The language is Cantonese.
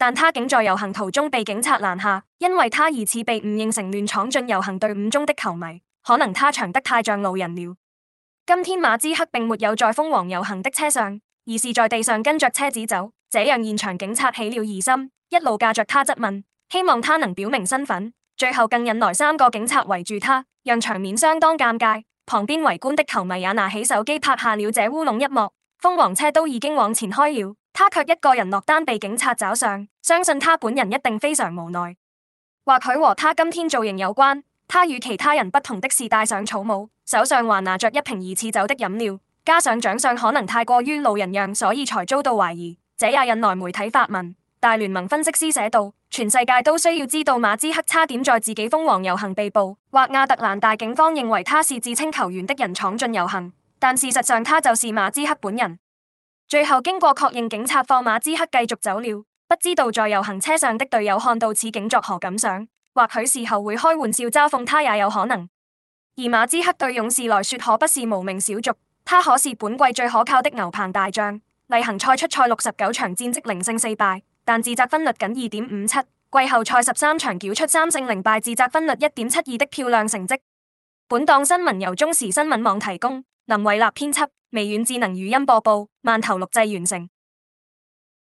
但他竟在遊行途中被警察攔下，因為他疑似被誤認成亂闖進遊行隊伍中的球迷，可能他長得太像路人了。今天馬茲克並沒有在封王遊行的車上，而是在地上跟着車子走，這讓現場警察起了疑心，一路駕着他質問，希望他能表明身份。最後更引來三個警察圍住他，讓場面相當尷尬。旁邊圍觀的球迷也拿起手機拍下了這烏龍一幕。封王車都已經往前開了。他卻一個人落單，被警察找上，相信他本人一定非常無奈。或許和他今天造型有關，他與其他人不同的是戴上草帽，手上還拿着一瓶疑似酒的飲料，加上長相可能太過於路人樣，所以才遭到懷疑。這也引來媒體發問。大聯盟分析師寫道：全世界都需要知道馬茲克差點在自己封王遊行被捕，或亞特蘭大警方認為他是自稱球員的人闖進遊行，但事實上他就是馬茲克本人。最後經過確認，警察放馬茲克繼續走了。不知道在遊行車上的隊友看到此景作何感想？或許事後會開玩笑嘲諷他也有可能。而馬茲克對勇士來說可不是無名小卒，他可是本季最可靠的牛棚大將。例行賽出賽六十九場，戰績零勝四敗，但自責分率僅二點五七；季後賽十三場繳出三勝零敗，自責分率一點七二的漂亮成績。本檔新聞由中時新聞網提供，林偉立編輯，微軟智能語音播報，萬頭錄製完成。